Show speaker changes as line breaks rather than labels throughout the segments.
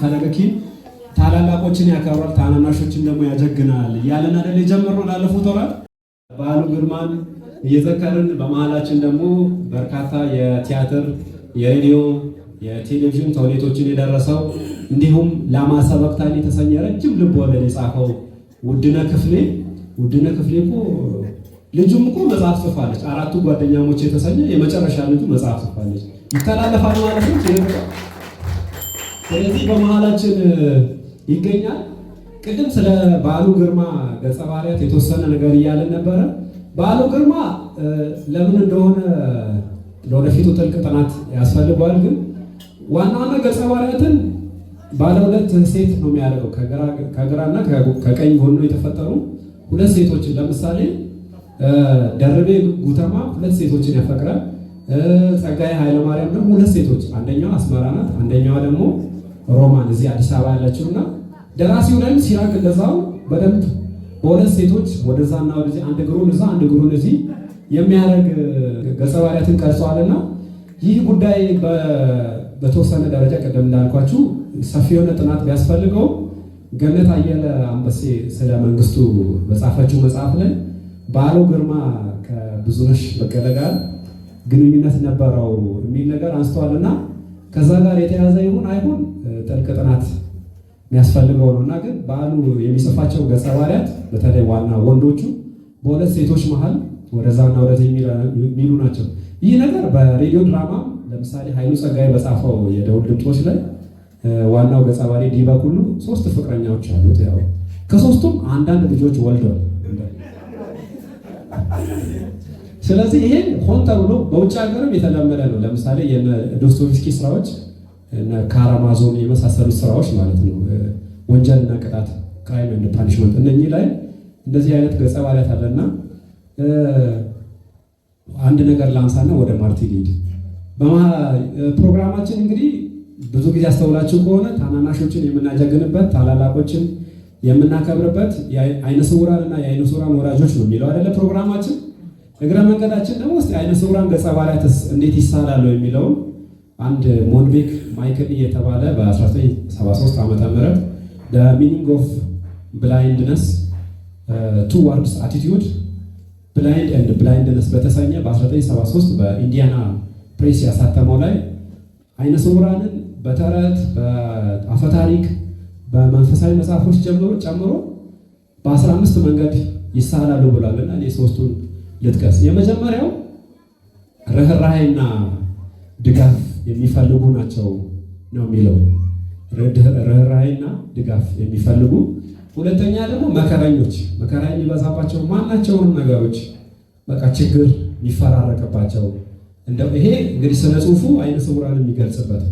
ፈለገኪን ታላላቆችን ያከብራል ታናናሾችን ደግሞ ያጀግናል እያለን አይደል የጀመርነው ላለፉት ወራት በዓሉ ግርማን እየዘከርን በመሀላችን ደግሞ በርካታ የቲያትር የሬዲዮ የቴሌቪዥን ተውኔቶችን የደረሰው እንዲሁም ላማሰ በቅታኒ የተሰኘ ረጅም ልብ ወለድ የጻፈው ውድነ ክፍሌ ውድነ ክፍሌ እኮ ልጁም እኮ መጽሐፍ ጽፋለች። አራቱ ጓደኛሞች የተሰኘ የመጨረሻ ልጁ መጽሐፍ ጽፋለች። ይተላለፋል ማለት ነው። ስለዚህ በመሀላችን ይገኛል። ቅድም ስለ በዓሉ ግርማ ገጸ ባህሪያት የተወሰነ ነገር እያለን ነበረ። በዓሉ ግርማ ለምን እንደሆነ ለወደፊቱ ጥልቅ ጥናት ያስፈልገዋል። ግን ዋና ዋና ገጸ ባህሪያትን ባለ ሁለት ሴት ነው የሚያደርገው። ከግራና ከቀኝ ጎኖ የተፈጠሩ ሁለት ሴቶችን ለምሳሌ ደርቤ ጉተማ ሁለት ሴቶችን ያፈቅራል። ጸጋዬ ኃይለማርያም ደግሞ ሁለት ሴቶች፣ አንደኛዋ አስመራ ናት፣ አንደኛዋ ደግሞ ሮማን እዚህ አዲስ አበባ ያለችው እና ደራሲውንም ሲራክ እንደዛው በደንብ በሁለት ሴቶች ወደዛና ወደዚ አንድ እግሩን እዛ አንድ እግሩን እዚህ የሚያደርግ ገጸ ባህሪያትን ቀርጸዋልና ይህ ጉዳይ በተወሰነ ደረጃ ቀደም እንዳልኳችሁ ሰፊ የሆነ ጥናት ቢያስፈልገው ገነት አየለ አንበሴ ስለ መንግስቱ በጻፈችው መጽሐፍ ላይ በዓሉ ግርማ ከብዙነሽ በቀለ ጋር ግንኙነት ነበረው የሚል ነገር አንስተዋልና ከዛ ጋር የተያዘ ይሁን አይሁን ጥልቅ ጥናት የሚያስፈልገው ነው እና ግን በዓሉ የሚጽፋቸው ገጸ ባህሪያት በተለይ ዋና ወንዶቹ በሁለት ሴቶች መሀል ወደዛና ወደዚህ የሚሉ ናቸው። ይህ ነገር በሬዲዮ ድራማ ለምሳሌ ኃይሉ ጸጋይ በጻፈው የደውል ድምፆች ላይ ዋናው ገጸ ባህሪ ዲባ ሁሉ ሶስት ፍቅረኛዎች አሉት። ያው ከሶስቱም አንዳንድ ልጆች ወልደዋል። ስለዚህ ይሄን ሆን ተብሎ በውጭ ሀገርም የተለመደ ነው። ለምሳሌ የዶስቶቭስኪ ስራዎች ካራማዞን የመሳሰሉት ስራዎች ማለት ነው። ወንጀልና ቅጣት ክራይም ኤንድ ፓኒሽመንት፣ እነኚህ ላይ እንደዚህ አይነት ገጸ ባህሪያት አለና አንድ ነገር ላንሳና ወደ ማርቲ ሊድ ፕሮግራማችን እንግዲህ ብዙ ጊዜ አስተውላችሁ ከሆነ ታናናሾችን የምናጀግንበት ታላላቆችን የምናከብርበት፣ አይነ ስውራን እና የአይነ ስውራን ወራጆች ነው የሚለው አይደለ ፕሮግራማችን እግረ መንገዳችን ደግሞ እስቲ አይነ ስውራን ገጸ ባህሪያትስ እንዴት ይሳላሉ የሚለውን አንድ ሞንቤክ ማይክል እየተባለ በ1973 ዓ ም ደ ሚኒንግ ኦፍ ብላይንድነስ ቱ ዋርድስ አቲቲዩድ ብላይንድ ኤንድ ብላይንድነስ በተሰኘ በ1973 በኢንዲያና ፕሬስ ያሳተመው ላይ አይነ ስውራንን በተረት በአፈ ታሪክ በመንፈሳዊ መጽሐፎች ጨምሮ በ15 መንገድ ይሳላሉ ብሏል እና እኔ ሶስቱን ልጥቀስ። የመጀመሪያው ርኅራሄና ድጋፍ የሚፈልጉ ናቸው ነው የሚለው ርኅራሄና ድጋፍ የሚፈልጉ ሁለተኛ ደግሞ መከረኞች፣ መከራ የሚበዛባቸው ማናቸውንም ነገሮች በቃ ችግር የሚፈራረቅባቸው እንደ ይሄ እንግዲህ ስነ ጽሁፉ አይነ ስውራን የሚገልጽበት።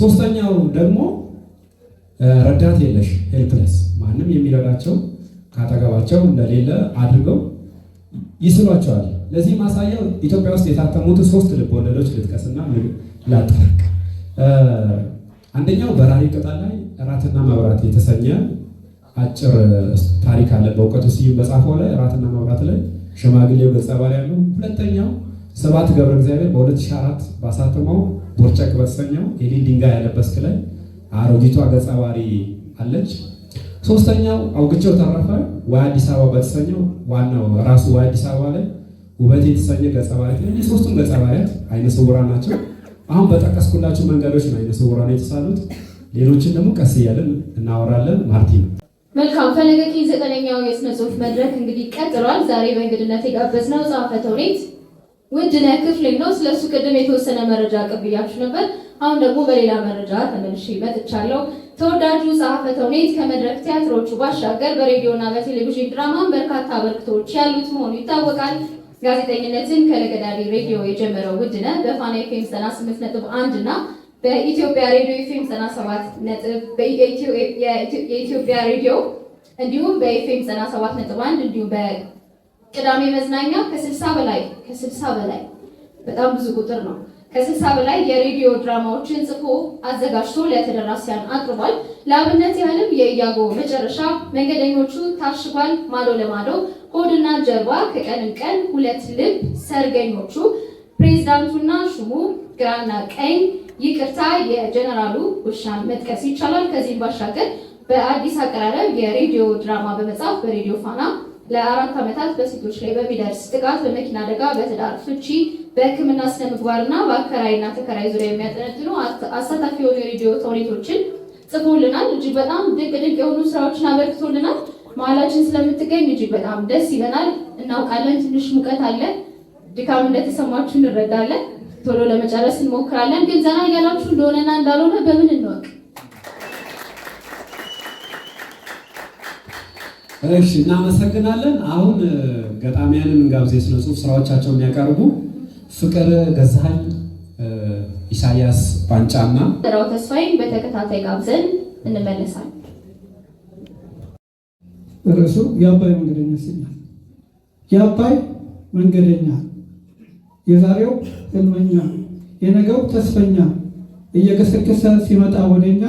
ሶስተኛው ደግሞ ረዳት የለሽ ሄልፕለስ፣ ማንም የሚረዳቸው ካጠገባቸው እንደሌለ አድርገው ይስሏቸዋል። ለዚህ ማሳያው ኢትዮጵያ ውስጥ የታተሙት ሶስት ልብ ወለዶች ልጥቀስና ላጠርቅ። አንደኛው በራዕይ ቅጠል ላይ እራትና መብራት የተሰኘ አጭር ታሪክ አለ። በእውቀቱ ስዩም በጻፈው ላይ እራትና መብራት ላይ ሽማግሌው ገጸ ባህሪ ያለው። ሁለተኛው ስብሐት ገብረ እግዚአብሔር በ2004 ባሳተመው ቦርጨቅ በተሰኘው የኔን ድንጋይ ያለበስክ ላይ አሮጊቷ ገጸ ባህሪ አለች። ሶስተኛው አውግቸው ተረፈ ወአዲስ አበባ በተሰኘው ዋናው ራሱ ወአዲስ አበባ ላይ ውበት የተሰኘ ገጸ ባህሪያት ላይ ሶስቱም ገጸ ባህሪያት አይነ ስውራን ናቸው። አሁን በጠቀስኩላችሁ መንገዶች ነው አይነ ስውራን የተሳሉት። ሌሎችን ደግሞ ቀስ እያለን እናወራለን። ማርቲ ነው።
መልካም ፈለገ ኪን ዘጠነኛው የስነ ጽሁፍ መድረክ እንግዲህ ቀጥሏል። ዛሬ በእንግድነት የጋበዝነው ጸሐፌ ተውኔት ውድነህ ክፍሌ ነው። ስለሱ ቅድም የተወሰነ መረጃ አቀብያችሁ ነበር። አሁን ደግሞ በሌላ መረጃ ተመልሼ መጥቻለሁ። ተወዳጁ ጸሐፌ ተውኔት ከመድረክ ቲያትሮቹ ባሻገር በሬዲዮና በቴሌቪዥን ድራማን በርካታ አበርክቶች ያሉት መሆኑ ይታወቃል። ጋዜጠኝነትን ከለገዳሪ ሬዲዮ የጀመረው ውድነ በፋና ኤፍኤም አንድ እና በኢትዮጵያ ሬዲዮ ኤፍኤም 97 የኢትዮጵያ ሬዲዮ እንዲሁም በኤፍኤም አንድ እንዲሁም በቅዳሜ መዝናኛ ከስልሳ በላይ ከስልሳ በላይ በጣም ብዙ ቁጥር ነው ከስልሳ በላይ የሬዲዮ ድራማዎችን ጽፎ አዘጋጅቶ ለተደራሲያን አቅርቧል። ለአብነት ያህልም የኢያጎ መጨረሻ፣ መንገደኞቹ፣ ታሽጓል፣ ማዶ ለማዶ፣ ሆድና ጀርባ፣ ከቀንም ቀን፣ ሁለት ልብ፣ ሰርገኞቹ፣ ፕሬዝዳንቱና ሹሙ፣ ግራና ቀኝ፣ ይቅርታ፣ የጀነራሉ ውሻን መጥቀስ ይቻላል። ከዚህም ባሻገር በአዲስ አቀራረብ የሬዲዮ ድራማ በመጻፍ በሬዲዮ ፋና ለአራት ዓመታት በሴቶች ላይ በሚደርስ ጥቃት፣ በመኪና አደጋ፣ በትዳር ፍቺ፣ በሕክምና ስነ ምግባርና በአከራይና ተከራይ ዙሪያ የሚያጠነጥኑ አሳታፊ የሆኑ የሬዲዮ ተውኔቶችን ጽፎልናል። እጅግ በጣም ድንቅ ድንቅ የሆኑ ስራዎችን አበርክቶልናል። መሀላችን ስለምትገኝ እጅግ በጣም ደስ ይለናል። እናውቃለን፣ ትንሽ ሙቀት አለ፣ ድካም እንደተሰማችሁ እንረዳለን። ቶሎ ለመጨረስ እንሞክራለን። ግን ዘና እያላችሁ እንደሆነና እንዳልሆነ በምን እንወቅ?
እሺ እናመሰግናለን። አሁን ገጣሚያንን እንጋብዜ የስነ ጽሁፍ ስራዎቻቸው የሚያቀርቡ ፍቅር ገዛኸኝ፣ ኢሳያስ ባንጫና
ራው ተስፋዬን በተከታታይ ጋብዘን እንመለሳለን።
ርዕሱ የአባይ መንገደኛ ሲናል የአባይ መንገደኛ የዛሬው ህልመኛ የነገው ተስፈኛ እየገሰገሰ ሲመጣ ወደኛ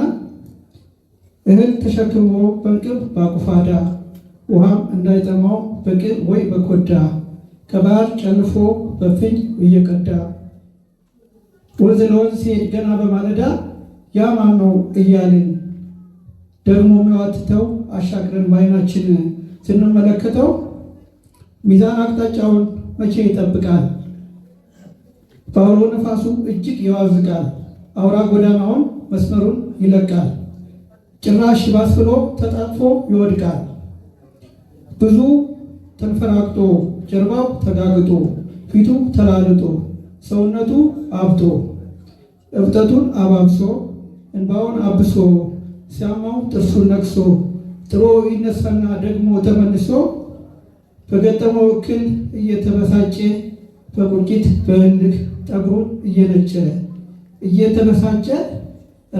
እህል ተሸክሞ በቅርብ ባቁፋዳ ውሃም እንዳይጠማው በቅል ወይ በኮዳ ከባህር ጨልፎ በፍኝ እየቀዳ ወንዝ ለወንዝ ሲሄድ ገና በማለዳ ያ ማን ነው እያልን ደግሞ ሚዋትተው አሻግረን በዓይናችን ስንመለከተው ሚዛን አቅጣጫውን መቼ ይጠብቃል? በአውሎ ነፋሱ እጅግ ይዋዝቃል። አውራ ጎዳናውን መስመሩን ይለቃል። ጭራሽ ባስ ብሎ ተጣጥፎ ይወድቃል። ብዙ ተንፈራቅጦ ጀርባው ተጋግጦ ፊቱ ተላልጦ ሰውነቱ አብጦ እብጠቱን አባብሶ እንባውን አብሶ ሲያማው ጥርሱን ነቅሶ ጥሮ ይነሳና ደግሞ ተመልሶ በገጠመው እክል እየተበሳጨ በቁርጭት በእልክ ጠጉሩን እየነጨ እየተበሳጨ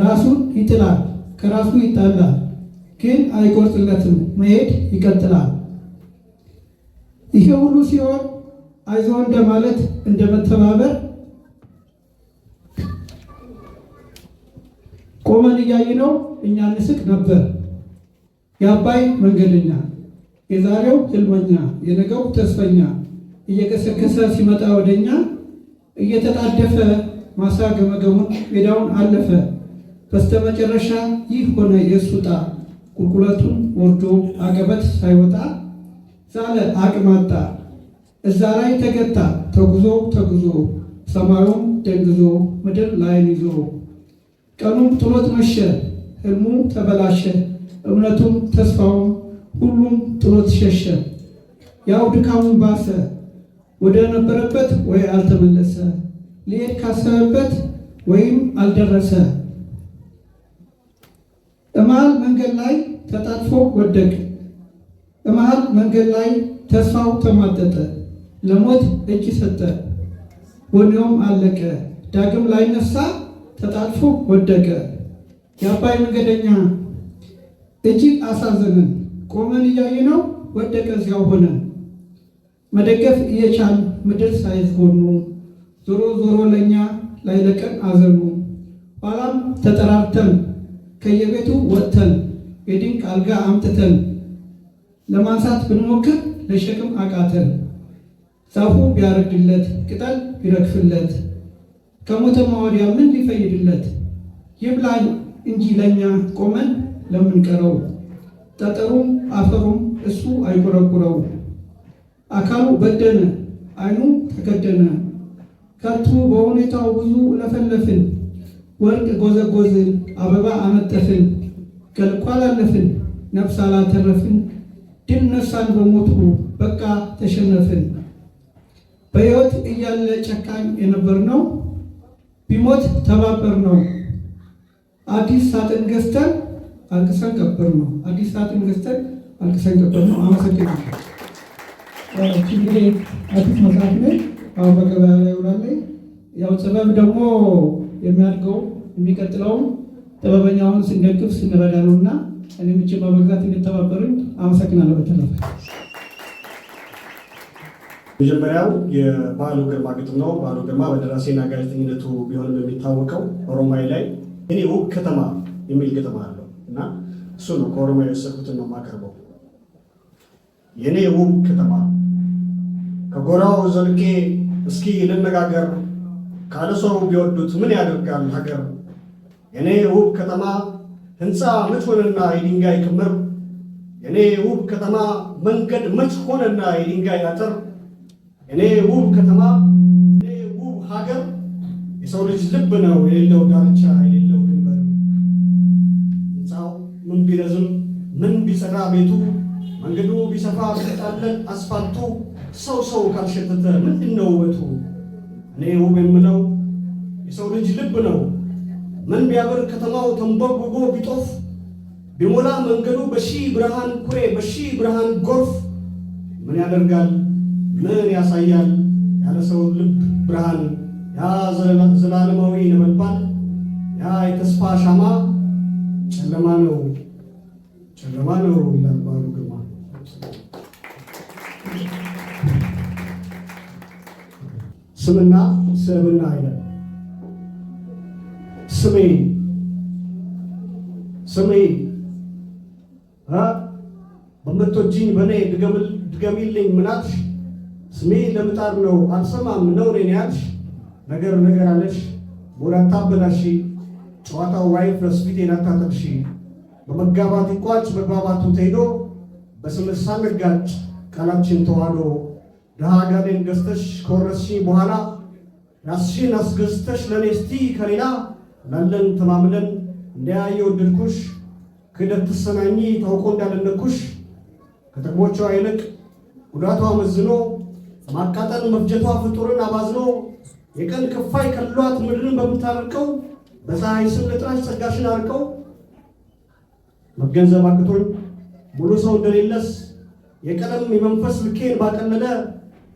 ራሱን ይጥላል፣ ከራሱ ይጣላል፣ ግን አይቆርጥለትም፣ መሄድ ይቀጥላል። ይሄ ሁሉ ሲሆን አይዞ እንደማለት እንደመተባበር ቆመን እያይ ነው እኛ ንስቅ ነበር። የአባይ መንገደኛ የዛሬው ህልመኛ የነገው ተስፈኛ እየቀሰከሰ ሲመጣ ወደኛ እየተጣደፈ ማሳ ገመገሙን ሜዳውን አለፈ። በስተመጨረሻ ይህ ሆነ የእሱ ዕጣ ቁልቁለቱን ወርዶ አገበት ሳይወጣ ሳለ አቅማጣ እዛ ላይ ተገታ። ተጉዞ ተጉዞ ሰማዩም ደንግዞ ምድር ላይን ይዞ ቀኑም ጥሎት መሸ። ህልሙ ተበላሸ፣ እምነቱም ተስፋውም ሁሉም ጥሎት ሸሸ። ያው ድካሙን ባሰ፣ ወደ ነበረበት ወይ አልተመለሰ፣ ሊሄድ ካሰበበት ወይም አልደረሰ። በመሃል መንገድ ላይ ተጣጥፎ ወደቅ። በመሃል መንገድ ላይ ተስፋው ተሟጠጠ፣ ለሞት እጅ ሰጠ፣ ወኔውም አለቀ። ዳግም ላይነሳ ተጣጥፎ ወደቀ። የአባይ መንገደኛ እጅግ አሳዘንን። ቆመን እያየነው ወደቀ እዚያው ሆነ። መደገፍ እየቻል ምድር ሳይዝጎኑ ዞሮ ዞሮ ለእኛ ላይለቀን አዘኑ። ኋላም ተጠራርተን ከየቤቱ ወጥተን የድንቅ አልጋ አምጥተን ለማንሳት ብንሞክር ለሸክም አቃተን። ዛፉ ቢያረግድለት፣ ቅጠል ቢረግፍለት፣ ከሞተ ወዲያ ምን ሊፈይድለት? ይብላኝ እንጂ ለእኛ ቆመን ለምንቀረው፣ ጠጠሩም አፈሩም እሱ አይቆረቁረው። አካሉ በደነ፣ አይኑ ተከደነ፣ ከቱ በሁኔታው ብዙ ለፈለፍን። ወርቅ ጎዘጎዝን፣ አበባ አመጠፍን ከልኳ አላለፍን፣ ነፍስ አላተረፍን ድል ነሳን በሞቱ በቃ ተሸነፍን። በሕይወት እያለ ጨካኝ ነው። ቢሞት ተባበር ነው። አዲስ ሳጥን ገዝተን አልቅሰን ነው አዲስ ሳጥን ገዝተን አልቅሰን ቀበርነው። አመሰግናለሁ። ችግሬ አዲስ መጽሐፍ ነ አሁን በገበያ ላይ ውላለኝ። ያው ጥበብ ደግሞ የሚያድገው የሚቀጥለውም ጥበበኛውን ስንደግፍ ስንረዳ ነው እና። እኔም ውጭ በመግዛት እንዲተባበሩ አመሰግናለሁ። በተረፈ
መጀመሪያው የበዓሉ ግርማ ግጥም ነው። በዓሉ ግርማ በደራሴና ጋዜጠኝነቱ ቢሆንም የሚታወቀው ኦሮማይ ላይ እኔ ውብ ከተማ የሚል ግጥም አለው እና እሱ ነው ከኦሮማይ የወሰድኩትን ነው የማቀርበው። የእኔ ውብ ከተማ ከጎራው ዘልቄ እስኪ ልነጋገር ካለሰሩ ቢወዱት ምን ያደርጋል ሀገር የእኔ ውብ ከተማ ሕንፃ መች ሆነና የድንጋይ ክምር የኔ ውብ ከተማ መንገድ መች ሆነና የድንጋይ አጥር የኔ ውብ ከተማ የኔ ውብ ሀገር የሰው ልጅ ልብ ነው የሌለው ዳርቻ የሌለው ድንበር። ሕንፃው ምን ቢረዝም ምን ቢሰራ ቤቱ መንገዱ ቢሰፋ ቢጣለን አስፋልቱ ሰው ሰው ካልሸተተ ምንድነው ውበቱ? እኔ ውብ የምለው የሰው ልጅ ልብ ነው ምን ቢያበር ከተማው ተንቦግቦ ቢጦፍ ቢሞላ መንገዱ በሺ ብርሃን ኩሬ በሺ ብርሃን ጎርፍ ምን ያደርጋል ምን ያሳያል ያለ ሰው ልብ ብርሃን ያ ዘላለማዊ ነበልባል ያ የተስፋ ሻማ ጨለማ ነው ጨለማ ነው ይላል ባሉ ግርማ። ስምና ስብዕና ይላል ስሜ ስሜ በምትወጂኝ በእኔ ድገሚልኝ ምናትሽ ስሜ ለምጣድ ነው አልሰማም ነው እኔን ያልሽ ነገር ነገር አለሽ ሞዳ ታበላሽ ጨዋታው አይፍረስ ፊቴን አታጠቅሽ በመጋባት ይቋጭ መግባባቱ ተሄዶ በስምሳ ሳንጋጭ ቃላችን ተዋህዶ ድሃ ጋኔን ገዝተሽ ከወረስሽኝ በኋላ ራስሽን አስገዝተሽ ለእኔ እስቲ ከሌላ ላለን ተማምለን እንዲያ የወደድኩሽ ክደት ትሰናኚ ታውቆ እንዳደነቅኩሽ ከጥቅሞቿ ይልቅ ጉዳቷ መዝኖ ማቃጠል መፍጀቷ ፍጡርን አባዝኖ የቀን ክፋይ ከሏት ምድርን በምታርቀው በፀሐይ ስም ልጥራሽ ጸጋሽን አርቀው መገንዘብ አቅቶኝ ሙሉ ሰው እንደሌለስ የቀለም የመንፈስ ልኬን ባቀለለ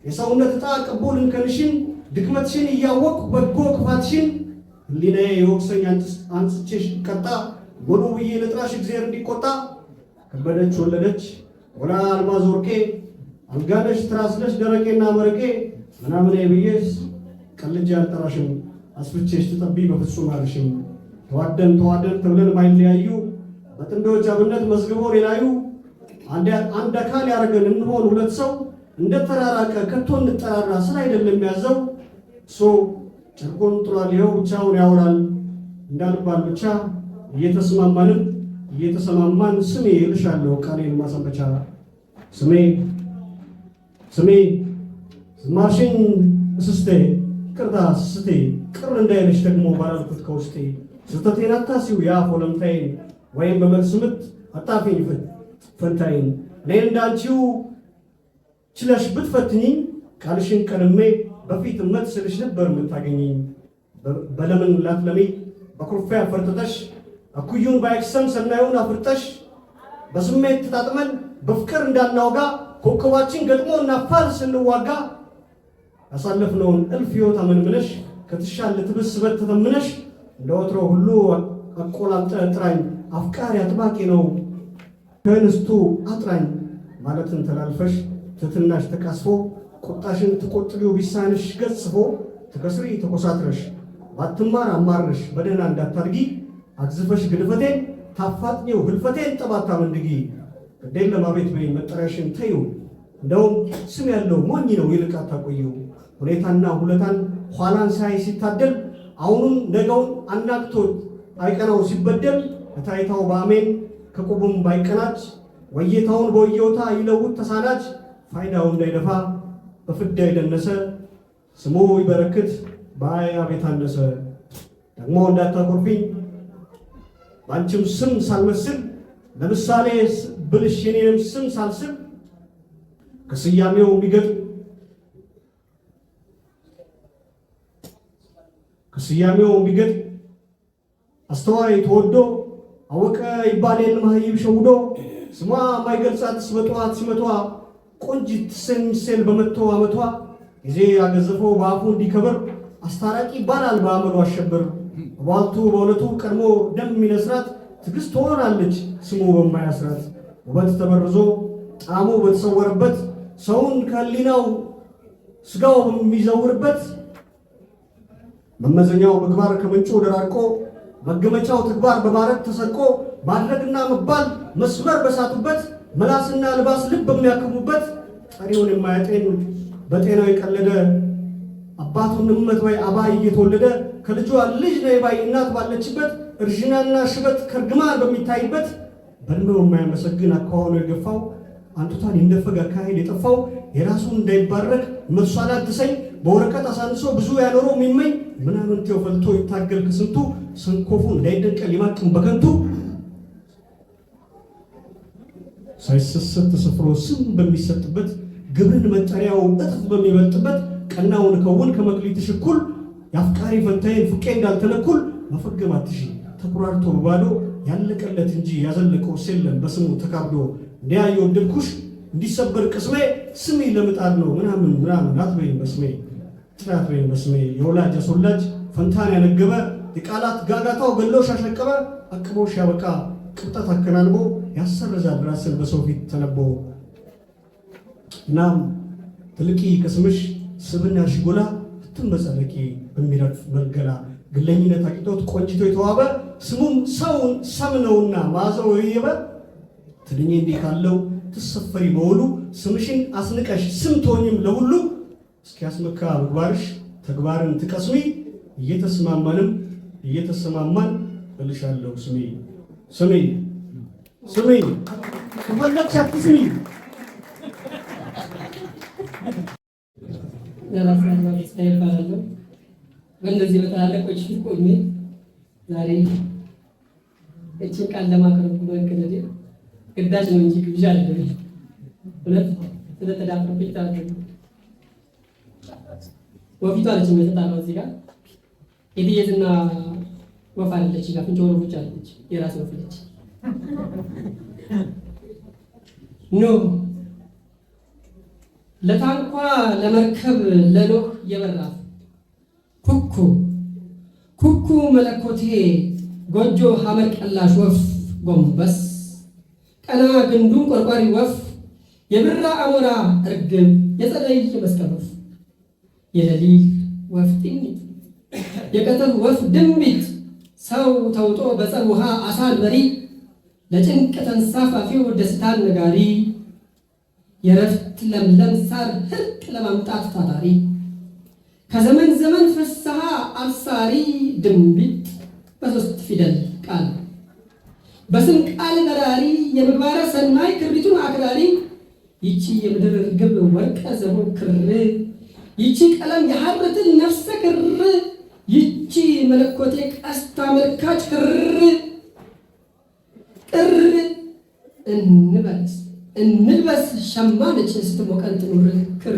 የሰውነት ዕጣ ቅቡል እንከንሽን ድክመትሽን እያወቅኩ በጎ ክፋትሽን ህሊናዬ የወቅሰኝ አንስቼሽ ቀጣ ጎኑ ብዬ ልጥራሽ እግዜር እንዲቆጣ ከበደች ወለደች ወላ አልማዝ ወርቄ፣ አልጋነሽ ትራስነሽ ደረቄና መረቄ ምናምን ብዬስ ቀልጅ አልጠራሽም አስፍቼሽ ትጠቢ በፍጹም አልሽም። ተዋደን ተዋደን ተብለን ማይለያዩ በጥንዶች አብነት መዝግቦ ሌላዩ አንድ አካል ያደርገን እንሆን ሁለት ሰው እንደተራራቀ ከቶ እንጠራራ ስራ አይደለም ያዘው ጨርቆን ጥሏል፣ ይኸው ብቻውን ያወራል እንዳልባል ብቻ እየተስማማንም እየተሰማማን ስሜ እልሻለሁ ቃሌን ማሰንበቻ ስሜ ስሜ ዝማርሽኝ እስስቴ ቅርታ ስስቴ ቅር እንዳይልሽ ደግሞ ባላልኩት ከውስጤ ስህተቴን አታሲው የአፍ ወለምታዬን ወይም በመልስ ምት አጣፊኝ ፈንታዬን እኔ እንዳንቺው ችለሽ ብትፈትኝኝ ቃልሽን ቀድሜ በፊት እምነት ስልሽ ነበር የምታገኘኝ በለምን ላትለሚ በኩርፊያ ፈርጥጠሽ እኩዩን ባይክሰም ሰናዩን አፍርጠሽ በስሜት ተጣጥመን በፍቅር እንዳናወጋ ኮከባችን ገጥሞ እናፋር ስንዋጋ ያሳለፍነውን እልፍ ሕይወት አመንምነሽ ከትሻለ ትብስበት ተተምነሽ እንደ ወትሮ ሁሉ ጥራኝ አፍቃሪ አጥባቂ ነው ከእንስቱ አጥራኝ ማለትን ተላልፈሽ ትትናሽ ተቃስፎ ቁጣሽን ትቆጥቢው ቢሳንሽ ገጽፎ ትከስሪ ተኮሳትረሽ ባትማር አማርሽ በደህና እንዳታድጊ አግዝፈሽ ግድፈቴን ታፋጥኚው ህልፈቴን ጠባታ መንድጊ ግዴን ለማቤት በይን መጠሪያሽን ተዩ እንደውም ስም ያለው ሞኝ ነው ይልቅ አታቆዩ ሁኔታና ሁለታን ኋላን ሳይ ሲታደል አሁኑን ነገውን አናግቶት አይቀናው ሲበደል ከታይታው በአሜን ከቁቡም ባይቀናች ወየታውን በወየውታ ይለውት ተሳናች ፋይዳውን እንዳይደፋ በፍዳ የደነሰ ስሙ ይበረክት በአያብ ቤታነሰ ደግሞ እንዳታኮርፊኝ በአንቺም ስም ሳልመስል ለምሳሌ ብልሽ የኔንም ስም ሳልስም ከስያሜው የሚገጥም ከስያሜው የሚገጥም አስተዋይ ተወዶ አወቀ ይባል የለም ሸውዶ ስሟ ማይገልጻት ስመጧት ሲመቷ ቆንጅት ሰሚሴል በመተዋወቷ ጊዜ ያገዘፈው በአፉ እንዲከበር አስታራቂ ይባላል። በአመሉ አሸበር በባልቱ በእውነቱ ቀድሞ ደም የሚነስራት ትግስት ትሆናለች ስሙ በማያስራት ውበት ተበርዞ ጣዕሙ በተሰወረበት ሰውን ከሊናው ስጋው በሚዘውርበት መመዘኛው ምግባር ከምንጩ ደራርቆ መገመቻው ተግባር በማድረግ ተሰርቆ ማድረግና መባል መስመር በሳቱበት ምላስና ልባስ ልብ በሚያክሙበት ጠሪውን የማያጤን በጤናው የቀለደ አባቱን እመት ወይ አባይ እየተወለደ ከልጇ ልጅ ነባይ እናት ባለችበት እርጅናና ሽበት ከርግማን በሚታይበት በእንዶ የማያመሰግን አካዋኑ የገፋው አንቱታን የሚነፈግ አካሄድ የጠፋው የራሱን እንዳይባረክ መርሷ አላድሰኝ በወረቀት አሳንሶ ብዙ ያኖረው የሚመኝ ምናምንቴው ፈልቶ ይታገል ከስንቱ ስንኮፉ እንዳይደቀል ይማቅም በከንቱ ሳይሰሰት ተሰፍሮ ስም በሚሰጥበት ግብርን መጠሪያው እጥፍ በሚበልጥበት ቀናውን ከውን ከመክሊትሽ እኩል የአፍቃሪ ፈንታዬን ፍቄ እንዳልተነኩል መፈገም አትሺ ተኩራርቶ በባዶ ያለቀለት እንጂ ያዘለቀው የለም በስሙ ተካብዶ እንዲያ የወደድኩሽ እንዲሰበር ቅስሜ ስሜ ለምጣድ ነው ምናምን ምናምን አትበይም በስሜ ትላት በይም በስሜ የወላጅ አስወላጅ ፈንታን ያነገበ የቃላት ጋጋታው ገሎሽ ያሸቀበ አቅቦሽ ያበቃ ቅብጠት አከናንቦ ያሰርዛል ራስን በሰው ፊት ተለቦ እናም ትልቂ ቅስምሽ ስብና ሽጎላ ትመጸለቂ በሚረግፍ መልገላ ግለኝነት አቂጦት ቆንጅቶ የተዋበ ስሙም ሰውን ሰምነውና ማዘው የየበ ትድኝ እንዲህ ካለው ትሰፈሪ በውሉ ስምሽን አስንቀሽ ስምቶኝም ለሁሉ እስኪያስመካ ምግባርሽ ተግባርን ትቀስሚ እየተስማማንም እየተሰማማን እልሻለሁ ስሜ ስሜ ስሙኝ፣ ከፈለግሽ አትስሚኝ።
ዘራስ ማለትስታ ይባላለሁ። በእንደዚህ በታላላቆች ፊት ቆሜ ዛሬ እችን ቃል ለማቅረብ መገደዴ ግዳጅ ነው እንጂ ግብዣ አይደለም። ሁለት ስለተዳፈረች ታለ ወፊቷ አለች የተጣለው እዚህ ጋር የትየትና ወፍ አለች ጋር ፍንጮ ወረቦች አለች የራስ ወፍ ነች ኖህ ለታንኳ ለመርከብ ለኖህ የበራት ኩኩ ኩኩ መለኮቴ ጎጆ ሐመር ቀላሽ ወፍ ጎንበስ ቀና ግንዱን ቆርቋሪ ወፍ የብራ አሞራ እርግብ የጸለይ መስቀል ወፍ የሌሊት ወፍ ጥኝት የቀትር ወፍ ድንቢት ሰው ተውጦ በፀብ ውሃ አሳል በሪ ለጭንቅ ተንሳፋፊው ደስታን ነጋሪ የረፍት ለምለም ሳር ህርቅ ለማምጣት ታታሪ ከዘመን ዘመን ፍስሐ አብሳሪ ድንቢጥ በሶስት ፊደል ቃል በስም ቃል በራሪ የምግባረ ሰናይ ክሪቱን አክራሪ ይቺ የምድር ርግብ ወርቀ ዘቦ ክር ይቺ ቀለም የሀረትን ነፍሰ ክር ይቺ መለኮቴ ቀስታ መልካች ክር እንበለስ እንልበስ ሸማ ነች ስትሞቀን ትኑር ክር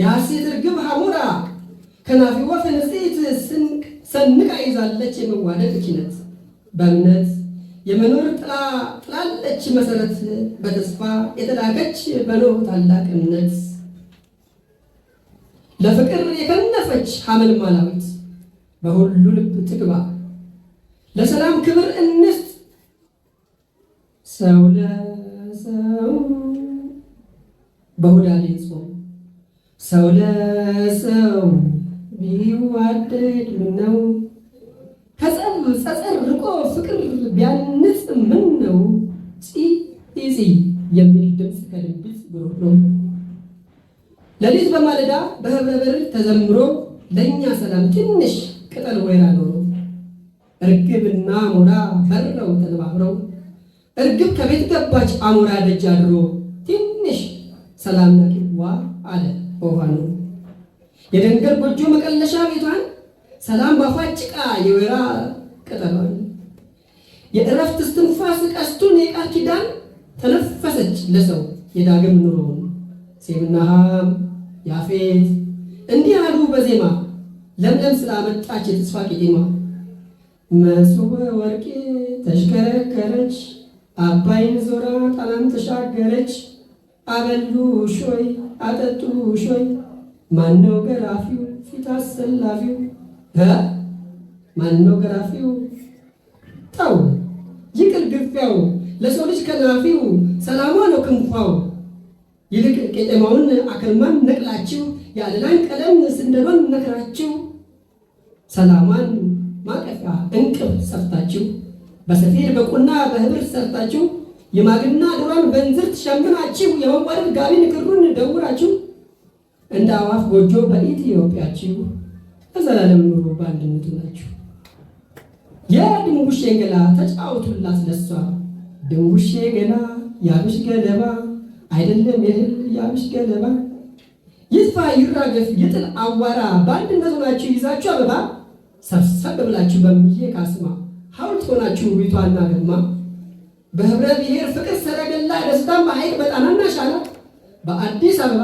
የሐሴት ርግብ ሐሙራ ከናፊዋ ፈነጽት ሰንቃ ይዛለች የመዋደድ ኪነት በእምነት የመኖር ጥላ ጥላለች መሰረት በተስፋ የተላከች ታላቅ እምነት ለፍቅር የከነፈች ሐመልማላዊት በሁሉ ልብ ትግባ ለሰላም ክብር እንስት ሰው ለሰው በሁዳዴ ጾም ሰው ለሰው ቢዋደድ ምነው ከጸብ ጸጸር ርቆ ፍቅር ቢያንጽ ምን ነው ጺ ጺ የሚል ድምፅ ከልብስ ብሎ ለሊት በማለዳ በህብረ በር ተዘምሮ ለእኛ ሰላም ትንሽ ቅጠል ወይራ ኖሮ እርግብና ሞራ በረው ተነባብረው እርግብ ከቤት ገባች፣ አሞራ ደጅ አድሮ ትንሽ ሰላም ነቅዋ አለ ነው። የደንገር ጎጆ መቀለሻ ቤቷን ሰላም ባፏ ጭቃ የወይራ ቅጠሏን የእረፍት እስትንፋስ ቀስቱን የቃል ኪዳን ተነፈሰች ለሰው የዳግም ኑሮውን ሴምና ሐም ያፌት እንዲህ አሉ በዜማ ለምለም ስላመጣች የተስፋ ቄጤማ መስወ ወርቄ ተሽከረከረች አባይን ዞራ ጣናን ተሻገረች። አበሉ ሾይ አጠጡ ሾይ ማነው ገራፊው ፊት አሰላፊው? ማነው ገራፊው? ተው ይቅር ግፊያው ለሰው ልጅ ከናፊው ሰላሟ ነው ክንኳው። ይልቅ ቄጠማውን አክልማን ነቅላችሁ የአለላን ቀለም ስንደሎን ነክራችሁ ሰላሟን ማቀፊያ እንቅብ ሰርታችሁ በሰፌድ በቁና በህብር ሰርታችሁ የማግና ድሯን በእንዝርት ሸምናችሁ የመንቆርን ጋቢን ክሩን ደውራችሁ እንደ አዋፍ ጎጆ በኢትዮጵያችሁ ለዘላለም ኑሮ በአንድነቱ ናችሁ። የድንቡሼ ገላ ተጫውቱላት ለሷ ድንቡሼ ገላ ያብሽ ገለባ አይደለም የህል ያብሽ ገለባ ይስፋ ይራገፍ የጥል አዋራ በአንድነቱ ናችሁ ይዛችሁ አበባ ሰብሰብ ብላችሁ በምዬ ካስማ ሐውልት ሆናችሁ ውቢቷና ግርማ በህብረ ብሔር ፍቅር ሰረገላ ደስታም በሀይቅ በጣናና ሻላ በአዲስ አበባ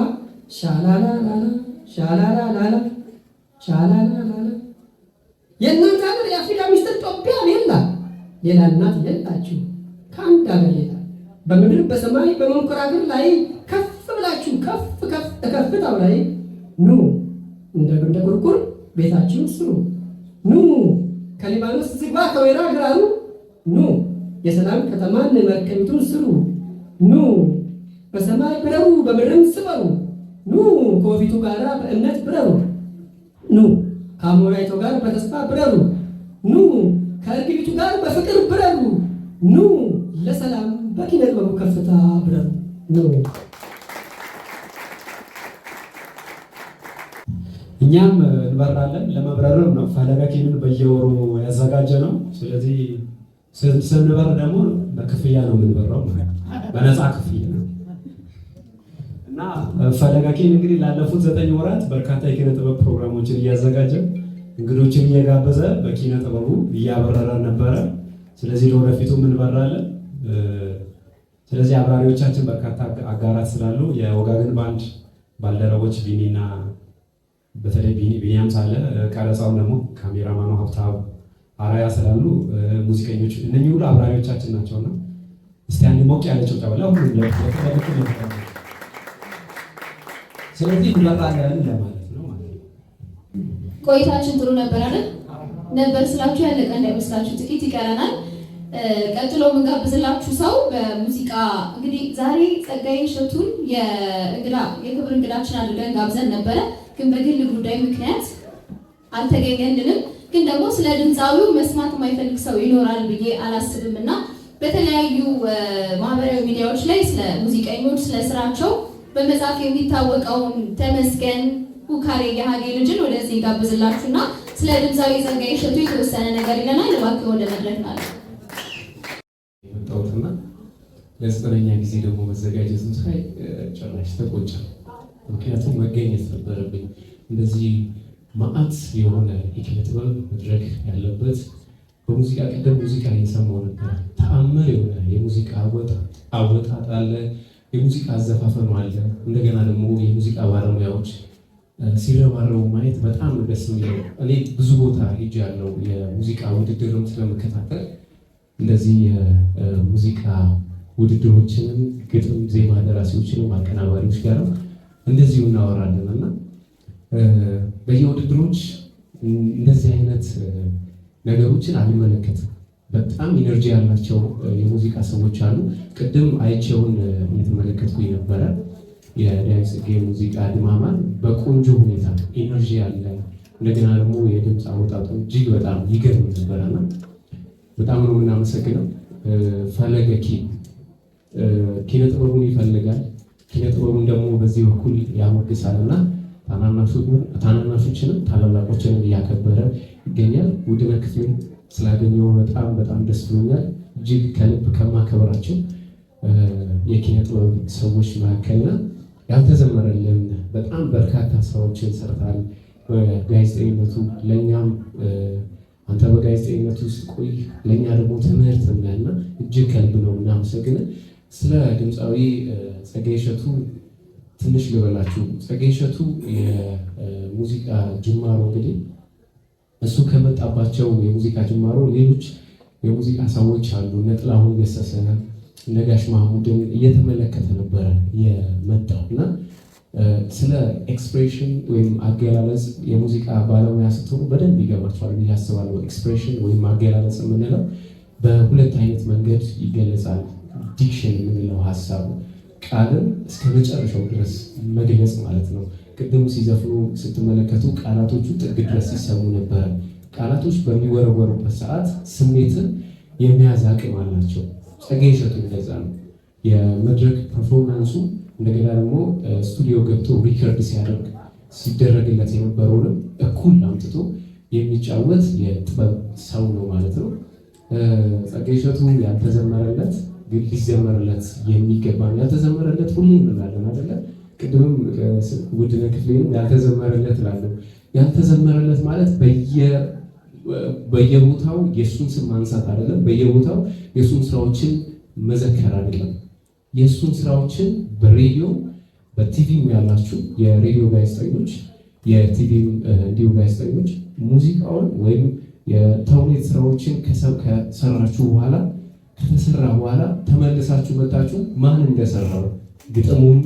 ሻላላላላ ሻላላላላ ሻላላላላ የእናንተ ሀገር የአፍሪካ ሚስጥር ኢትዮጵያ ሌላ ሌላ እናት የላችሁ ከአንድ ሀገር ሌላ በምድር በሰማይ በመንኮራኩር ላይ ከፍ ብላችሁ ከፍ ከፍ ከፍታው ላይ ኑ እንደ እንደ ቁርቁር ቤታችሁን ስሩ ኑ ከሊባኖስ ዝግባ ከወይራ ግራሩ ኑ የሰላም ከተማን መርከቢቱን ስሩ ኑ በሰማይ ብረሩ በምድርም ስበሩ ኑ ከወፊቱ ጋር በእምነት ብረሩ ኑ ከአሞራይቶ ጋር በተስፋ ብረሩ ኑ ከእርግቢቱ ጋር በፍቅር ብረሩ ኑ ለሰላም በኪነ ከፍታ ብረሩ ኑ
እኛም እንበራለን ለመብረርም ነው ፈለገኪንን በየወሩ ያዘጋጀ ነው። ስለዚህ ስንበር ደግሞ በክፍያ ነው የምንበረው፣ በነፃ ክፍያ ነው እና ፈለገኪን እንግዲህ ላለፉት ዘጠኝ ወራት በርካታ የኪነ ጥበብ ፕሮግራሞችን እያዘጋጀ እንግዶችን እየጋበዘ በኪነ ጥበቡ እያበረረ ነበረ። ስለዚህ ለወደፊቱ እንበራለን። ስለዚህ አብራሪዎቻችን በርካታ አጋራት ስላሉ የወጋገን ባንድ ባልደረቦች ቢኒና በተለይ ቢኒያም ሳለ ቀረጻውን ደግሞ ካሜራማኑ ሀብታብ አራያ ስላሉ ሙዚቀኞች እነኚህ ሁሉ አብራሪዎቻችን ናቸውና እስቲ አንድ ሞቅ ያለ ጭብጨባ ለሁሉም ስለዚህ እንመጣለን ለማለት ነው ማለት ነው።
ቆይታችን ጥሩ ነበረን ነበር ስላችሁ ያለቀ እንዳይመስላችሁ ጥቂት ይቀረናል። ቀጥሎ የምንጋብዝላችሁ ሰው በሙዚቃ እንግዲህ ዛሬ ጸጋዬ እሸቱን የእንግዳ የክብር እንግዳችን አድርገን ጋብዘን ነበረ። ግን በግል ጉዳይ ምክንያት አልተገኘልንም። ግን ደግሞ ስለ ድምፃዊው መስማት የማይፈልግ ሰው ይኖራል ብዬ አላስብም እና በተለያዩ ማህበራዊ ሚዲያዎች ላይ ስለ ሙዚቀኞች ስለ ስራቸው በመጻፍ የሚታወቀውን ተመስገን ሁካሬ የሀጌ ልጅን ወደዚህ ጋብዝላችሁ እና ስለ ድምፃዊ ጸጋዬ እሸቱ የተወሰነ ነገር ይለናል። እባክህ ወደ መድረክ ናለ
የመጣሁትና ለዘጠነኛ ጊዜ ደግሞ መዘጋጀት ላይ ጭራሽ ተቆጨ። ምክንያቱም መገኘት ነበረብኝ። እንደዚህ ማአት የሆነ የኪነ መድረክ ያለበት በሙዚቃ ቀደም ሙዚቃ እየሰማሁ ነበር። ተአምር የሆነ የሙዚቃ አወጣጥ አለ፣ የሙዚቃ አዘፋፈኑ አለ። እንደገና ደግሞ የሙዚቃ ባለሙያዎች ሲረባረቡ ማየት በጣም ደስ የሚለው። እኔ ብዙ ቦታ ሄጅ ያለው የሙዚቃ ውድድርም ስለመከታተል እንደዚህ የሙዚቃ ውድድሮችንም ግጥም ዜማ ደራሲዎችንም አቀናባሪዎች ጋርም እንደዚሁ እናወራለን እና በየውድድሮች እንደዚህ አይነት ነገሮችን አልመለከትም። በጣም ኢነርጂ ያላቸው የሙዚቃ ሰዎች አሉ። ቅድም አይቼውን እየተመለከትኩ ነበረ። የዳዊት ጽጌ ሙዚቃ ድማማን በቆንጆ ሁኔታ ኢነርጂ ያለ እንደገና ደግሞ የድምፅ አወጣጡ እጅግ በጣም ይገርም ነበረና በጣም ነው የምናመሰግነው። ፈለገ ኪን ኪነ ጥበቡን ይፈልጋል ኪነጥበቡን ደግሞ በዚህ በኩል ያሞግሳልና ታናናሾችንም ታላላቆችንም እያከበረ ይገኛል። ውድነ ክፍል ስላገኘው በጣም በጣም ደስ ብሎኛል። እጅግ ከልብ ከማከብራቸው የኪነ ጥበብ ሰዎች መካከልና ያልተዘመረልን በጣም በርካታ ስራዎችን ሰርታል። በጋዜጠኝነቱ ለእኛም አንተ በጋዜጠኝነቱ ስቆይ ለእኛ ደግሞ ትምህርት ነህና እጅግ ከልብ ነው እናመሰግንን። ስለ ድምፃዊ ጸጋዬ እሸቱ ትንሽ ልበላችሁ። ጸጋዬ እሸቱ የሙዚቃ ጅማሮ እንግዲህ እሱ ከመጣባቸው የሙዚቃ ጅማሮ ሌሎች የሙዚቃ ሰዎች አሉ። እነ ጥላሁን ገሰሰ፣ እነ ጋሽ ማህሙድን እየተመለከተ ነበረ የመጣው እና ስለ ኤክስፕሬሽን ወይም አገላለጽ የሙዚቃ ባለሙያ ስትሆኑ በደንብ ይገባቸዋል ብዬ አስባለሁ። ኤክስፕሬሽን ወይም አገላለጽ የምንለው በሁለት አይነት መንገድ ይገለጻል። ዲክሽን ሀሳቡ ቃልን እስከ መጨረሻው ድረስ መግለጽ ማለት ነው። ቅድም ሲዘፍኑ ስትመለከቱ ቃላቶቹ ጥግ ድረስ ሲሰሙ ነበረ። ቃላቶች በሚወረወሩበት ሰዓት ስሜትን የሚያዝ አቅም አላቸው። ጸጋዬ እሸቱ እንደዛ ነው። የመድረክ ፐርፎርማንሱ እንደገና ደግሞ ስቱዲዮ ገብቶ ሪከርድ ሲያደርግ ሲደረግለት የነበረውንም እኩል አምጥቶ የሚጫወት የጥበብ ሰው ነው ማለት ነው። ጸጋዬ እሸቱ ያልተዘመረለት ሊዘመርለት የሚገባ ያልተዘመረለት ሁሌ እንላለን አይደለ? ቅድምም ውድነ ክፍሌም ያልተዘመረለት እላለሁ። ያልተዘመረለት ማለት በየቦታው የእሱን ስም ማንሳት አይደለም። በየቦታው የእሱን ስራዎችን መዘከር አይደለም። የእሱን ስራዎችን በሬዲዮ በቲቪም ያላችሁ የሬዲዮ ጋዜጠኞች፣ የቲቪም እንዲሁ ጋዜጠኞች ሙዚቃውን ወይም የተውኔት ስራዎችን ከሰራችሁ በኋላ ከተሰራ በኋላ ተመልሳችሁ መጣችሁ ማን እንደሰራው ግጥሙን፣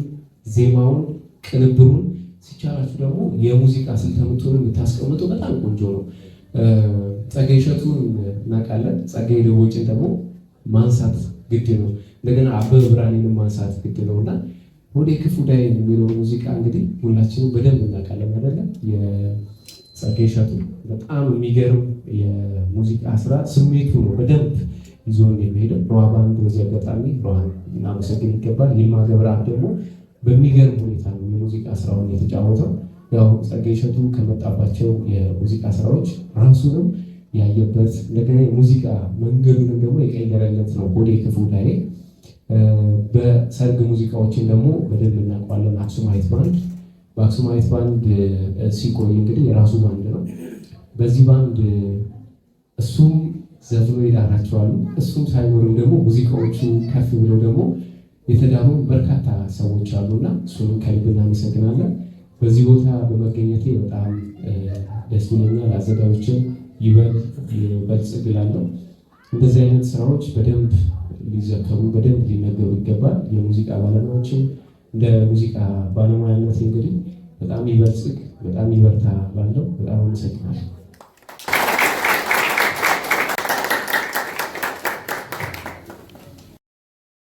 ዜማውን፣ ቅንብሩን ሲቻላችሁ ደግሞ የሙዚቃ ስልተምቱን ብታስቀምጡ በጣም ቆንጆ ነው። ጸጋይ እሸቱን እናውቃለን። ጸጋይ ደቦጭን ደግሞ ማንሳት ግድ ነው። እንደገና አበበ ብርሃኔን ማንሳት ግድ ነው እና ወደ ክፉ ዳይ የሚለው ሙዚቃ እንግዲህ ሁላችንም በደንብ እናውቃለን አይደለ? የጸጋይ እሸቱ በጣም የሚገርም የሙዚቃ ስራ ስሜቱ ነው በደንብ ይዞን የሚሄደው ሮሃባን በዚህ አጋጣሚ ሮሃን እናመሰግን ይገባል። ይልማ ገብረአብ ደግሞ በሚገርም ሁኔታ ነው የሙዚቃ ስራውን የተጫወተው። ያው ጸጋዬ እሸቱ ከመጣባቸው የሙዚቃ ስራዎች ራሱንም ያየበት እንደገና የሙዚቃ መንገዱንም ደግሞ የቀየረለት ነው። ሆዴ ክፉ ላይ በሰርግ ሙዚቃዎችን ደግሞ በደንብ እናውቀዋለን። አክሱማይት ባንድ በአክሱም በአክሱማይት ባንድ ሲቆይ እንግዲህ የራሱ ባንድ ነው። በዚህ ባንድ እሱም ዘፍኖ ይዳራቸዋሉ። እሱም ሳይሆንም ደግሞ ሙዚቃዎቹ ከፍ ብለው ደግሞ የተዳሩ በርካታ ሰዎች አሉና እሱንም ከልብ እናመሰግናለን። በዚህ ቦታ በመገኘቴ በጣም ደስ ይለኛል። አዘጋጆችን ይበል በልጽግ እላለሁ። እንደዚህ አይነት ስራዎች በደንብ ሊዘከሩ በደንብ ሊነገሩ ይገባል። የሙዚቃ ባለሙያዎችን እንደ ሙዚቃ ባለሙያነት እንግዲህ በጣም ይበልጽግ፣ በጣም ይበርታ ባለው በጣም አመሰግናለሁ።